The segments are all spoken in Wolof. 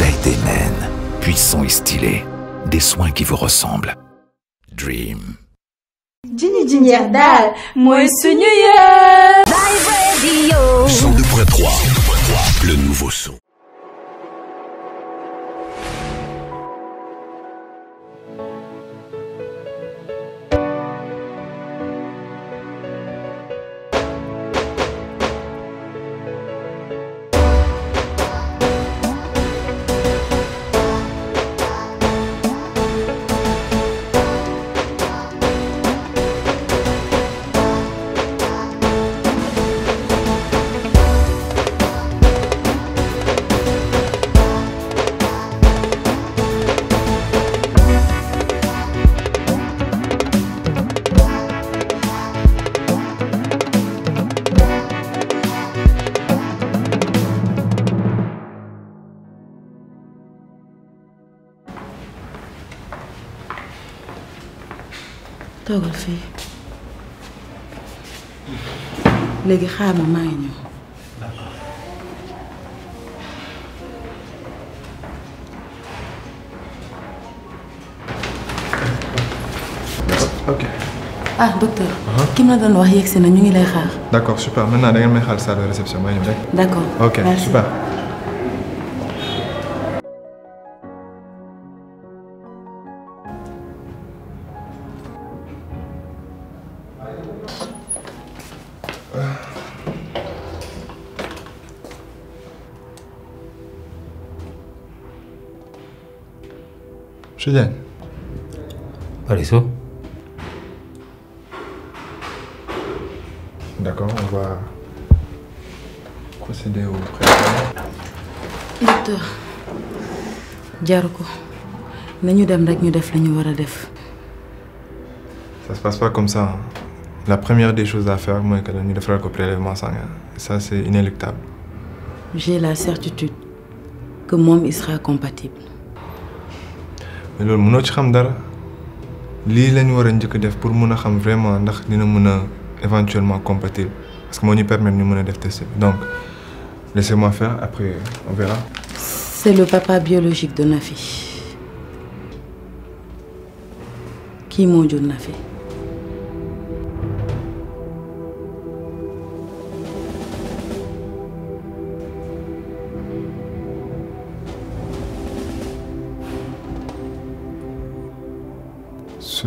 éveille des naines, puissant et stylé, des soins qui vous ressemblent. Dream. Dini Dinière Dal, moi c'est New Year! 2.3, le nouveau son. toogal fii léegi xaar ma maa ngi ñëw. ok. ah docteur. Uh-huh. kim ma doon wax yegsi na ñu ngi lay xaar. d'accord super maintenant da ngeen may xaar salle de réception maa ngi ñëw rek. d'accord ok super. Allez, Parisou. D'accord, on va procéder au prélèvement. Docteur, ne nous devons faire rek ñu def li nous Ça se passe pas comme ça. La première des choses à faire moi, c'est que devons faire le prélèvement sanguin hein, ça c'est inéluctable. J'ai la certitude que mon il sera compatible mais loolu mënoo ci xam dara lii la ñu war def pour mun a xam vraiment ndax dina éventuellement compatible parce que moo ñu permettre ñu mën def donc laissez-moi faire après on verra. c'est le papa biologique de Nafi Qui moo jur Nafi.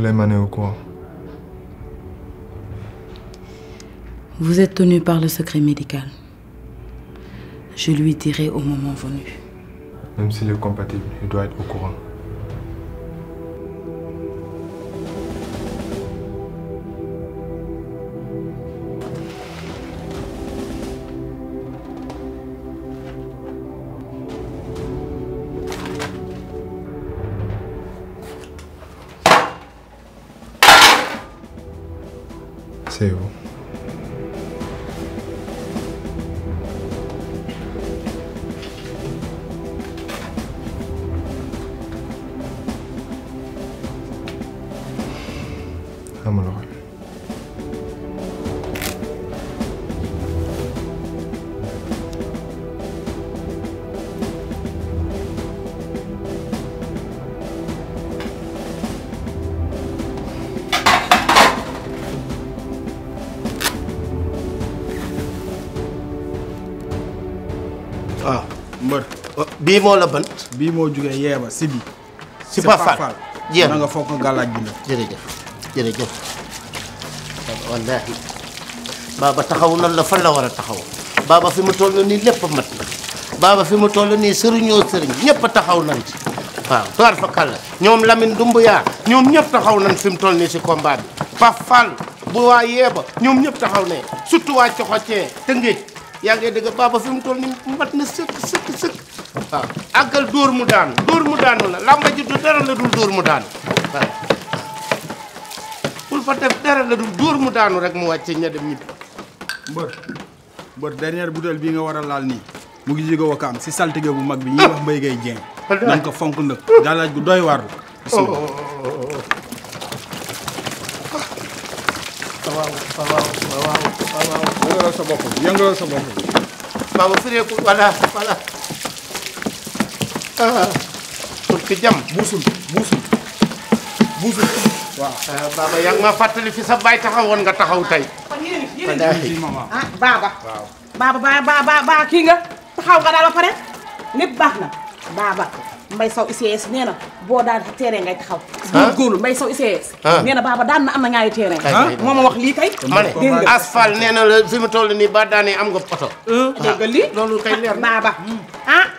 l'ai au courant. Vous êtes tenu par le secret médical. Je lui dirai au moment venu. Même s'il est compatible, il doit être au courant. 마세요. bi mo la juga bi mo jugee yeeba si bi. si Pafal jéem na nga foog galaj bi la. jërëjëf jërëjëf wallahi baba taxaw na la fan la wara taxaw baba fi mu toll ni lepp mat na baaba fi mu toll nii sëriñoo sëriñ ñepp taxaw nañ ci waaw tuwaar fa kala ñom Lamine ya ñom ñepp taxaw nañ fi mu toll ni ci combat bi Pafal bu wa yeeba ñom ñepp taxaw ne surtout xoccé te Tëngéej ya ngi dëgg baba fi mu toll ni mat na sekk sekk sekk àggal dur mu daan dur mu daan la lamba ji du dara la dul dur mu daan bul fa def dara la dul dur mu daanu rek mu wàcce ña dem ñibbi mbeur dernière bouteille bi nga laal ni mu ngi bu mag bi ñi wax mbey gay jeng nang ko fonk nag gàllaaj gu doy waar la oh, oh, oh, waaw waaw waaw pour que jam buusul buusul buusul waaw eh, baaba yaa ngi ma fàttali fi sa baay taxawoon nga taxaw tey ah baaba baaba baaba baaba kii nga taxaw nga daal ba pare lépp baax na baaba mbay saw ICS nee na boo daan terrain ngay taxaw ah? góor góorlu mbay saw ICS ah? nee na baaba daan na am na ñaari terrain moo ma wax lii kay ma ne asphalt nee na la fi mu toll nii ba daanee am nga poto baaba ah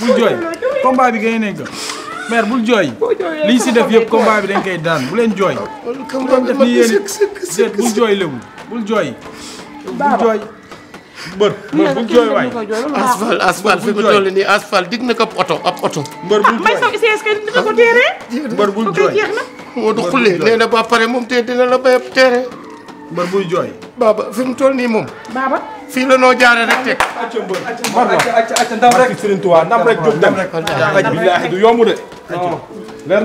bul jooy combat bi gay nekk mère bul jooy liñ si def yëpp combat bi dañ koy daan bu leen jooy bu doon def ni yéen bul jooy lébu bul jooy bul jooy mbër mbër bu jooy waay asfal asfal fi mu toll nii asfal dig na ab oto ab oto. mbër bu ah, jooy moo du xulee nee na pare moom te dina la bay ab mbër buy baaba fi mu toll nii moom. baaba fii la noo jaare a teg. acca mbër acca acca ndam rek Serigne Touba ndam rek jóg dem billaahi du yomb de. leer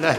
na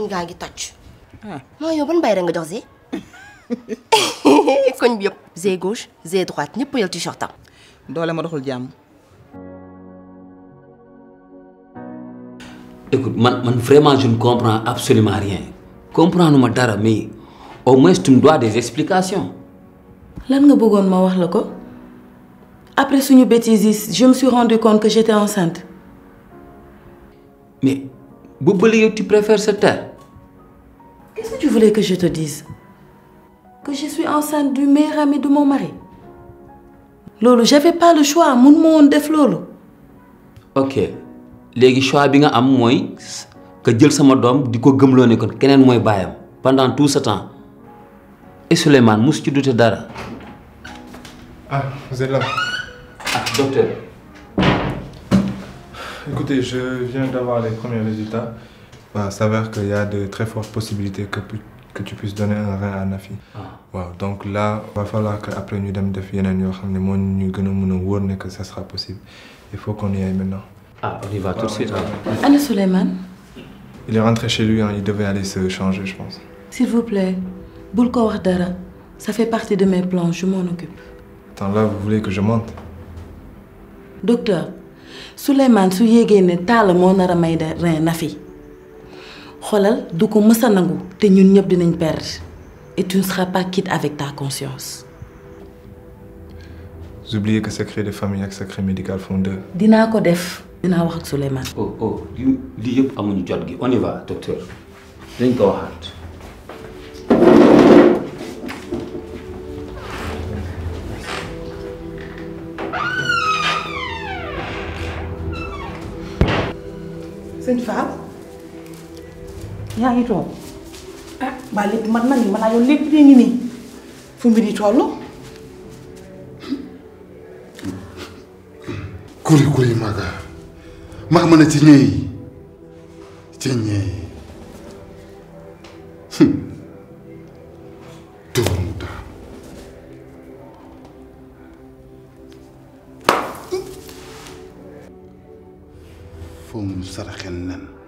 koñ gaa ngi toj. maa ah. ah, yow ban bayra nga jox Zé. koñ bi yëpp. Zé gauche Zé droite ñëpp yal t-shirt am. doole ma doxul jàmm. écoute man man vraiment je ne comprends absolument rien comprendre ma dara mais au moins tu me dois des explications. lan nga bëggoon ma wax la ko après suñu bêtises, je me suis rendu compte que j'étais enceinte. mais bu bële yow tu préfères se taire voulais que je te dise Que je suis enceinte du meilleur ami de mon mari. Je n'avais pas le choix je ne pas ok Les choix bi nga am que que ne pendant tout ce temps et ce mosu ci te dara. ah vous êtes là. ah docteur. écoutez je viens d'avoir les premiers résultats bah, s'avère qu'il y a de très fortes possibilités que, que tu puisses donner un rein à Nafi. Ah. donc là Il va falloir que après nous devons def yeneen que ça sera possible il faut qu'on y aille maintenant. ah on y va tout de suite. ana Souleymane. il est rentré chez lui hein, il devait aller se changer je pense. s'il vous plaît bul ko ça fait partie de mes plans je m'en occupe. attends là vous voulez que je monte. docteur Souleymane su vous ne Talla moo nar a de rein Nafi xoolal du ko mës nangu te ñun ñëpp dinañ perdre et tu ne seras pas quitte avec ta conscience. J'oubliais que secret de famille ak secret médical font deux. dinaa ko def dina wax ak Souleymane. oh oh li li yëpp amuñu jot gi on y va docteur dañ ko waxat C'est une femme yaa ngi toog ah waa lépp man man ni man naa yow lépp dee ngi nii fu mbir yi toll. kuri kuri maga maa mën a ci ñëy ci ñëy doomu daam foo mu saraxen nan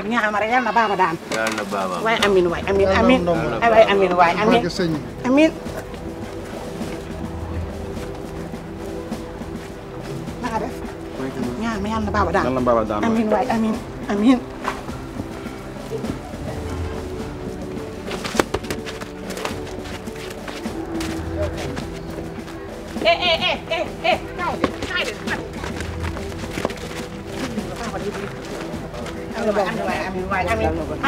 lépp nga xam ne rek yal na baaba daan. yal na baaba waay amin waay amin amin waay amin waay amin amin na nga def. ñaan ma yal na baaba daan amin waay amin amin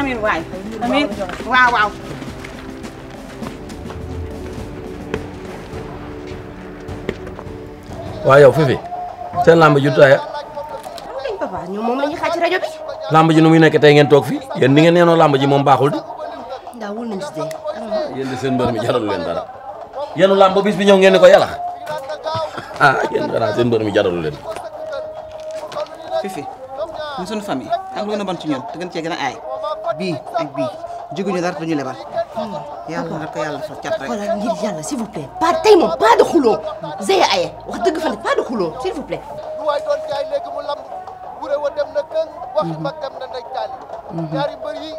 Amin waay amin wow, wow. Wah, yow Fifi Sen lamb ji tay. Lamb lañ papa ñoom moom la ñuy xaaj bi làmb ji nu muy nekk tey ngeen tok fi. Yeen ni ngeen neeno lamb ji mom baxul. di ndaa wul nañ si dee yéen di seen mbër mi leen dara Yeenu lamb bis bi ñew ngeen ko yalla. ah yeen dara sen mbër jaral jarul leen Fifi Ñu sun fami. ak lu na ban ci ñoon te gën ci gëna ay. bii ak bii jiguñu dara duñu lebal. yàlla na ko yàlla fa cat rek. voilà ngir yàlla s'il vous plaît. pas tey moom pas de xuloo. Zeye Aye wax dëgg fa ne de xuloo s'il vous plaît. lu waay doon jaay léegi mu lamb wure wa dem na kën. waxi mag dem na ndey taali. ñaari mbër yi.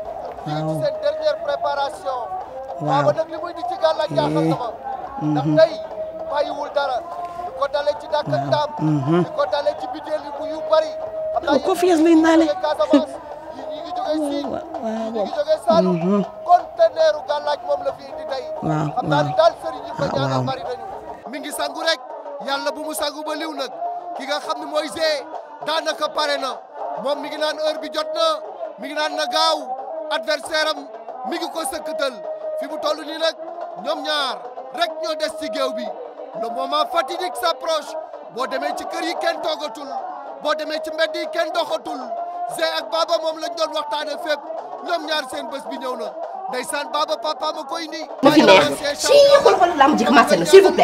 waaw ñu ngi ci seen ci gàllankoor jaaxal na ko dalee ci dàkkantaam. di yu bari. am na confiance lay naale. waaw waaw mi ngi sangu rek yàlla bu mu sangu ba liw nag ki nga xam ni mooy G daanaka pare na moom mi ngi naan heure bi jot na mi ngi naan na gaaw adversaire am mi ngi ko sëkkatal fi mu toll nii nag ñoom ñaar rek ñoo des ci géew bi le moment fatidique s'approche boo demee ci kër yi kenn toogatul boo demee ci mbedd yi kenn doxatul Zé ak Baba moom lañ doon waxtaane fépp ñoom ñaar seen bés bi ñëw na ndeysaan Baba papa koy nii. ma fi neex si xool xool làmb ji commencé na s'il vous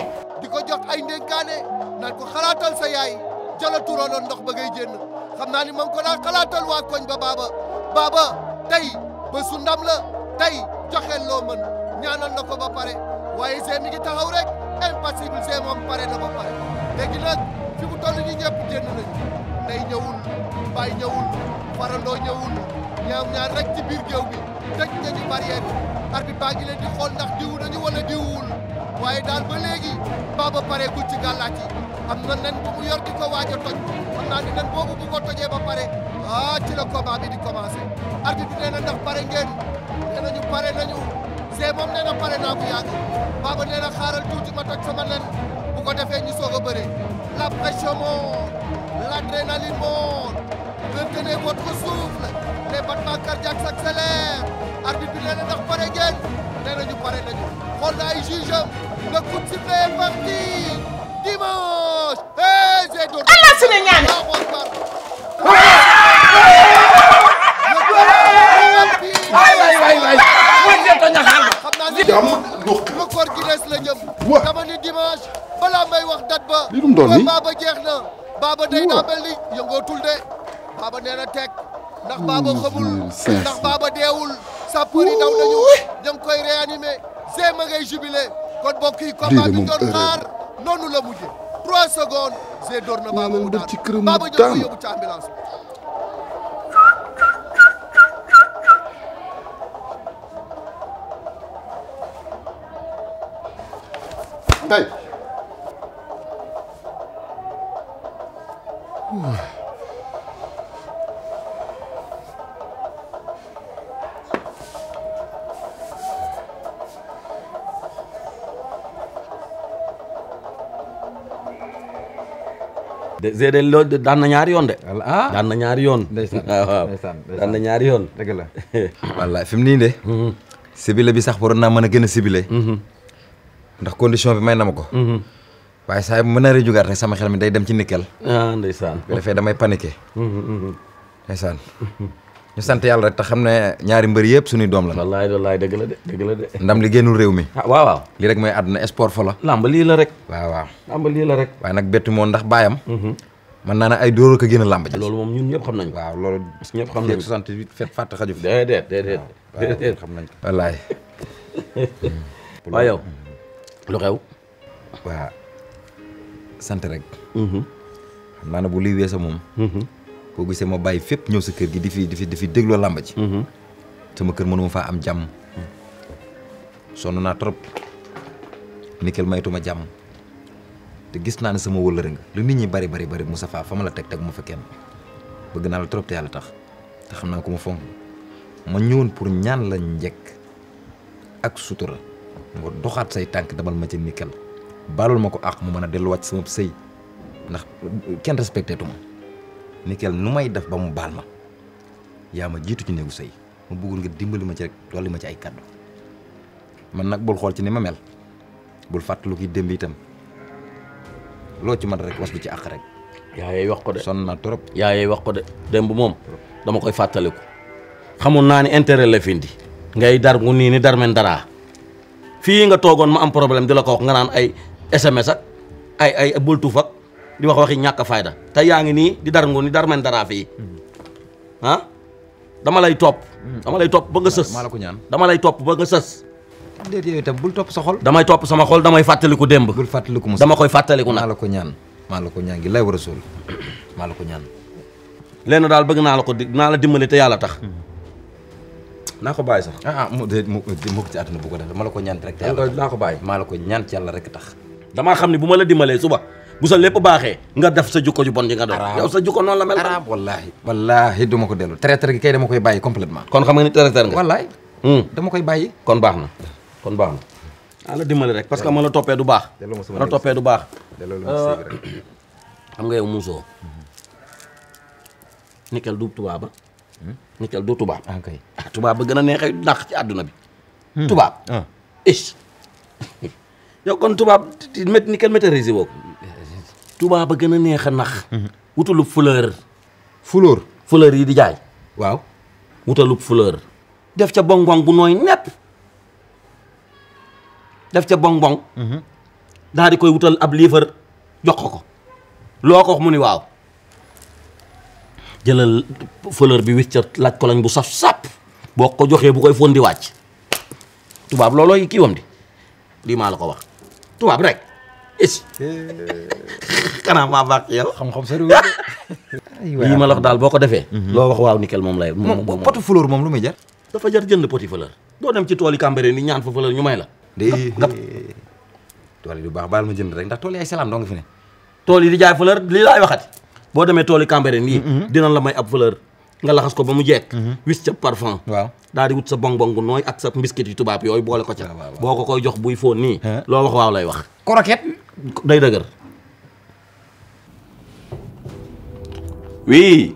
di ko jox ay ndénkaane naan ko xalaatal sa yaay jala turooloon ndox ba ngay génn xam naa ni moom ko daan xalaatal waa koñ ba Baba Baba tey bésu ndam la tey joxeel loo mën ñaanal na ko ba pare waaye Zé mi taxaw rek impassible Zé moom pare na ba pare léegi nag fi mu toll nii ñëpp génn nañu. ndey ñëwul mbay ñëwul farandoo ñëwul ñoom ñaar rek ci biir géew bi tëj nañu barrière bi arbitre baa ngi leen di xool ndax diwu nañu wala diwuwul waaye daal ba léegi Baba pareegul ci gàllaaj yi am na nen bu mu yor di ko waaj a toj xam naa ni nen boobu bu ko tojee ba pare ah ci la combat bi di commencé arbitre bi nee na ndax pare ngeen nee nañu pare nañu see moom nee na pare naa bu yàgg Baba nee na xaaral tuuti ma toj sama nen bu ko defee ñu soog a bëree la pression l'adrénaline monte. Retenez votre souffle. Les battements cardiaques s'accélèrent. arbitre bi nee na ndax pare ngeen nee na ñu pare nañu xool na ay juge am le coup de sifflet est parti dimanche. allah su ne ñaan. waay waay waay waay. man de ko ñaxal. xam naa ne record Guinness la ñëm. waaw dama ni dimanche balaa may wax date ba. li mu doon nii ba jeex na. Baba day daa mel ni yëngootul Baba neena tek ndax Baba xamul ndax Baba deewul sa yi daw nañu ña koy réanimer c'est ma ngay jubilé kon bokki combat bi doon xaar noonu la mujje 3 secondes j'ai door na Baba mu daan Baba ñëw ko yóbbu ci ambulance tey Zedel loo daan na ñaari yoon de. ah daan na ñaari yoon. ndeysaan ndeysaan daan na ñaari yoon. dëgg la de. sibile mhm. bi sax waroon naa mën a gën a sibile. Mhm. ndax condition bi may na ma waaye saya menari juga ya, nih ya? hmm, hmm, hmm, ah, rek sama xel mi day dem ci nickel. ah ndeysaan. bu defee damay paniqué. ndeysaan. ñu sant yàlla rek te xam ne ñaari mbër yëpp suñuy doom la. wallaay wallaay dëgg la de dëgg la de. ndam li génnul réew mi. waaw waaw. lii rek mooy àdduna sport fa la. làmb lii la rek. waaw waaw. làmb lii la rek. waaye nag bettu moo ndax baayam. mën naa ne ay dóor ko génn làmb ji. loolu moom ñun ñëpp xam waaw ñëpp xam 68 xaju fi. xam lu xew. waaw. sant rek. Mhm. xam naa ne bu luy weesa moom. Mhm. boo gisee ma bàyyi fépp ñëw sa kër gi di fi di fi di fi dégloo ji. Mhm. sama kër mënuma faa am jàmm. sonn naa trop. nikel maytuma jàmm. te gis naa ne sama wëllëre nga lu nit ñi bari bari bari mu Fall fa ma la teg teg ma fa kenn bëgg naa la trop te yàlla tax te xam naa ko ma fonk ma ñëwoon pour ñaan la njëkk ak sutura nga doxaat say tànk dabal ma ci nikel. barul mako ak mu meuna a delluwaat sama sey ndax ken respecté ya, tu Nikel numay def ba mu baal ma yaa ma jitu ci negu sey mu bëggul nga dimbali ma ci rek dolli ma ci ay kàddu man nak bul xol ci ni ma mel bul fàttalu ki dembi tam lo ci man rek was bi ci ak rek. yaa wax ko de son na trop. yaa wax ko de demb mom dama koy fàttaliku xamul na ni intérêt la findi ngay dar mu ni ni dar men dara fi nga togon ma am problème dila ko wax nga nan ay SMS ak ay ay bul ak di wax waxi ñaka fayda yaangi ni di dar ngoni dar man dara fi ha dama lay top dama lay top ba nga seuss maa ko ñaan dama lay top ba nga seuss dede yooyu tam bul top sa xol. damay top sama xol damay ko demb. bul musa dama koy fatali ko maa ko ñaan maa ko lay war a ñaan. lenn dal bëgg na la ko di la dimbali te yalla tax. ko sax. ah ah mu de mu mu ci aduna bu ko def dama ko ñaan rek. te ko ñaan ci yalla rek tax dama xamni buma di la dimbalee suba bu sa lepp baxé nga def sa jukko ju bon ji nga doon yow sa jukko non la mel araab wallahi wallahi duma ko delu traiteur gi kay dama koy bayyi complètement kon xam nga ni traiteur nga hmm, dama koy bayyi kon baxna kon baxna na naa ah, rek parce que ma la toppee du bax ma la du euh, xam nga yow muso mhm. nikel du tuba ah. hmm? ah, ba nikel du tuba ah tuba ba gëna a dakh ci aduna bi ah is kon tubaab mét ni kenn maîtrisé woo ko tubaab a gën a neex a nax mhm. wutalu fleur fleur yi di jaay waaw wutalu fleur def ca bonbon bu nooy nepp def ca bonbon mhm. daal di koy wutal ab liifar jox ko ko loo ko wax mu ni waaw jëlal fleur bi wicca laaj ko lañ bu saf sap boo ko joxee bu koy fondi wàcc tubaab loolooy kiiwam di lii maa la ko wax tubaab rek is eh. karena maa ya. baax ci yow xam-xam sa réew lii ma la wax daal boo ko mau mhm. loo wax waaw mau moom lay moom potu fleur moom lu jar dafa jar jënd poti fleur doo dem ci tool yi Cambérène ni ñaan fa fleur ñu may la day tool yi du baax baal ma jënd rek ndax tool yi ay salaam doo nga fi ne tool di jaay fleur lii waxati dinañ la may ab fleur nga laxas ko ba mu jekk mhm. wis ca parfum waaw daal di wut sa bonbon nooy ak sa mbiskit yu tubaab yooyu boole ko ca boo ko koy jox buy fóon nii loo wax waaw lay wax croquette day dëgër oui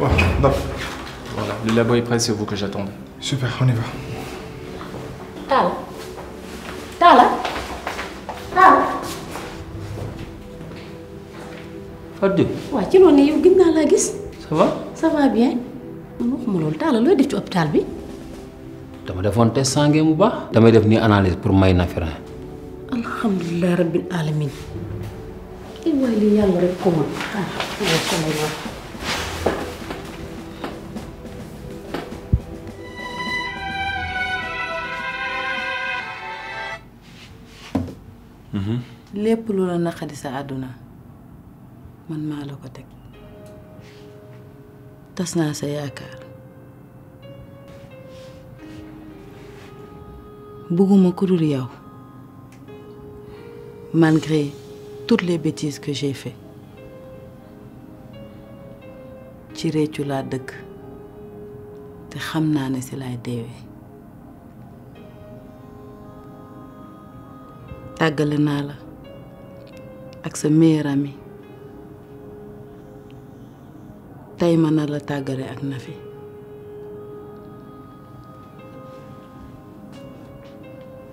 Ouais, d'accord. Voilà, le labo est prêt, c'est vous que j'attendais. Super, on y va. Tala. Tala. Tala. Fadde. waaw ci loolu ne yow gis naa ça va. ça va bien. man waxuma loolu Tala looy def ci hôpital bi. dama defoon test sanguin bu baax. damay def nii analyse pour may na fi Alhamdulillah, rabbil alamin. Et waay lii yàlla rek ko mën ah Mm-hmm. lépp lu la naqadi sa àdduna man maa la ko teg tas naa sa yaakaar bëgguma ku yow malgré tout les bêtises que j'ai ci réccu laa dëkk te xam naa ne si laay deewee tàggale naa la ak sa meilleur ami tey mën la tàggale ak Nafi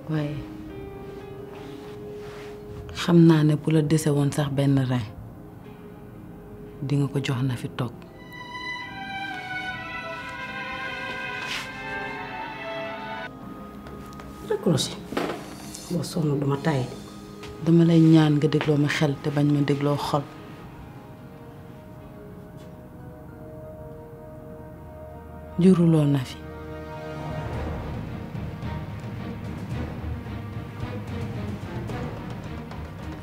waaye xam naa ne bu la dese woon sax benn rein dinga ko jox Nafi toog rek ba sonn duma tàyyi dama lay ñaan nga dégloo ma xel te bañ ma dégloo xol juruloo na fi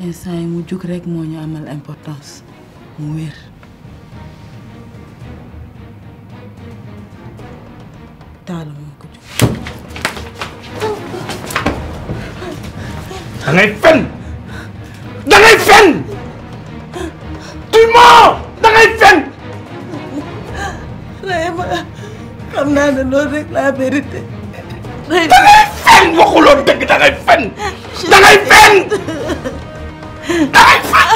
instant mu jug rekk moo ñu amal importance mu wér taalum da ngay fen da fen tu mens da ngay fen Rayma xam naa ne loolu rek la vérité da fen waxuloo dëgg da fen da fen da fen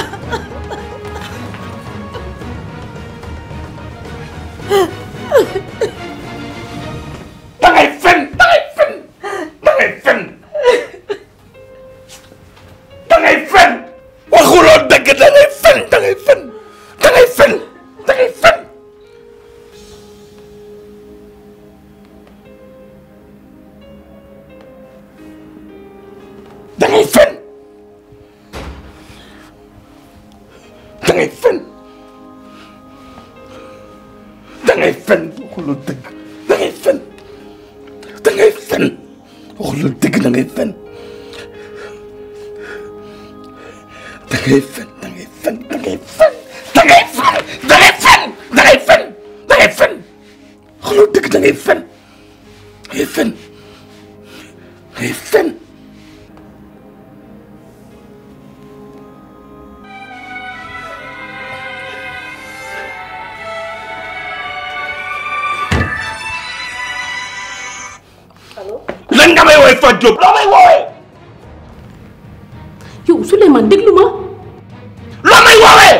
dangay fen dangay fen waxuloo dëgg dangay fen dangay fen waxuloo dëgg dangay fen dangay fen Diop. loo may woowee. yow Souleymane déglu ma. loo may woowee.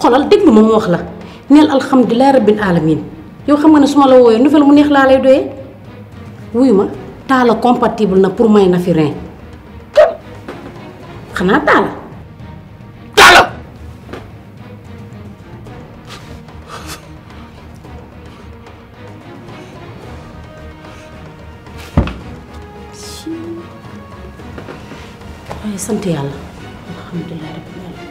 xoolal déglu ma mu wax la neel alhamdulilah rabbil alamin yow xam nga ne su ma la wooyee nouvelle mu neex laa lay doyee wuyu ma taala compatible na pour may na fi ren xanaa taala sant yàlla alhamdulilah rabbil alamin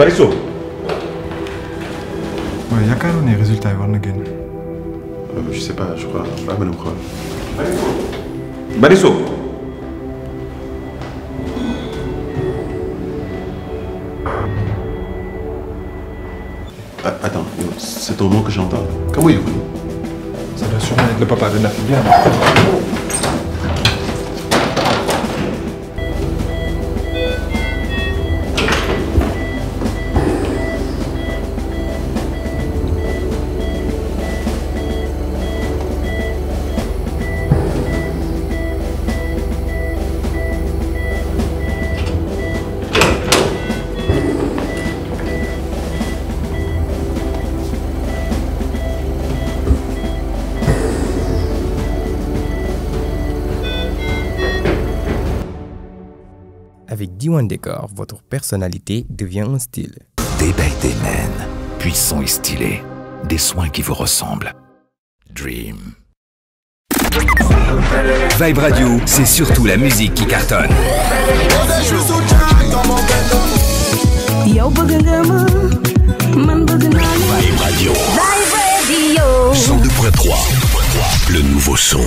Bariso. waaw yaakaaroon ne résultat yi war na génn. Euh, je sais pas je crois. pas ah, Bariso. Bariso. au moment que j'entends. Comment il est venu Ça doit sûrement être le papa de la filière. un décor, votre personnalité devient un style. Des belles des puissants et stylés, des soins qui vous ressemblent. Dream. Vibe Radio, c'est surtout la musique qui cartonne. Vibe Radio. Vibe Radio. 102.3, le nouveau son.